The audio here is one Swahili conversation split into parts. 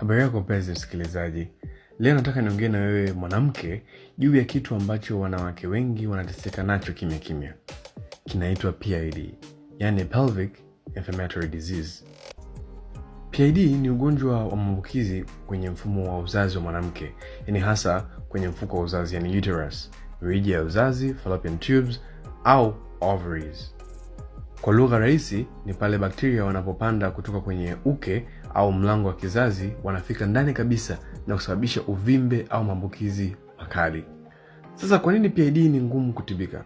Habari yako mpenzi msikilizaji, leo nataka niongee na wewe mwanamke juu ya kitu ambacho wanawake wengi wanateseka nacho kimya kimya, kinaitwa PID, yani pelvic inflammatory disease. PID ni ugonjwa wa maambukizi kwenye mfumo wa uzazi wa mwanamke, yani hasa kwenye mfuko wa uzazi, yani uterus, mirija ya uzazi, fallopian tubes au ovaries. Kwa lugha rahisi, ni pale bakteria wanapopanda kutoka kwenye uke au mlango wa kizazi, wanafika ndani kabisa na kusababisha uvimbe au maambukizi makali. Sasa kwa nini PID ni ngumu kutibika?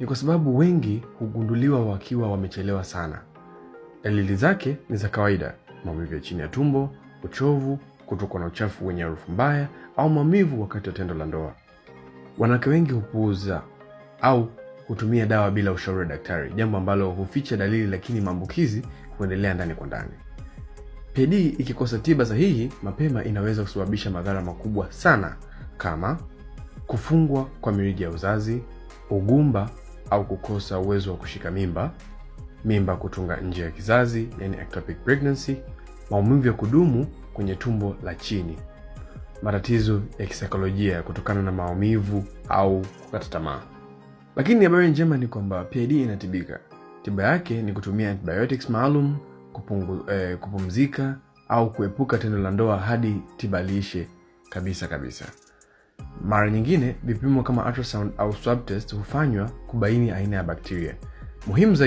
Ni kwa sababu wengi hugunduliwa wakiwa wamechelewa sana. Dalili zake ni za kawaida: maumivu ya chini ya tumbo, uchovu, kutokwa na uchafu wenye harufu mbaya au maumivu wakati wa tendo la ndoa. Wanawake wengi hupuuza au hutumia dawa bila ushauri wa daktari, jambo ambalo huficha dalili lakini maambukizi kuendelea ndani kwa ndani. PID ikikosa tiba sahihi mapema inaweza kusababisha madhara makubwa sana kama kufungwa kwa mirija ya uzazi, ugumba au kukosa uwezo wa kushika mimba, mimba kutunga nje ya kizazi, yani ectopic pregnancy, maumivu ya kudumu kwenye tumbo la chini, matatizo ya kisaikolojia kutokana na maumivu au kukata tamaa. Lakini habari njema ni kwamba PID inatibika. Tiba yake ni kutumia antibiotics maalum kupungu, eh, kupumzika au kuepuka tendo la ndoa hadi tiba liishe kabisa kabisa. Mara nyingine vipimo kama ultrasound au swab test hufanywa kubaini aina ya bakteria. Muhimu zaidi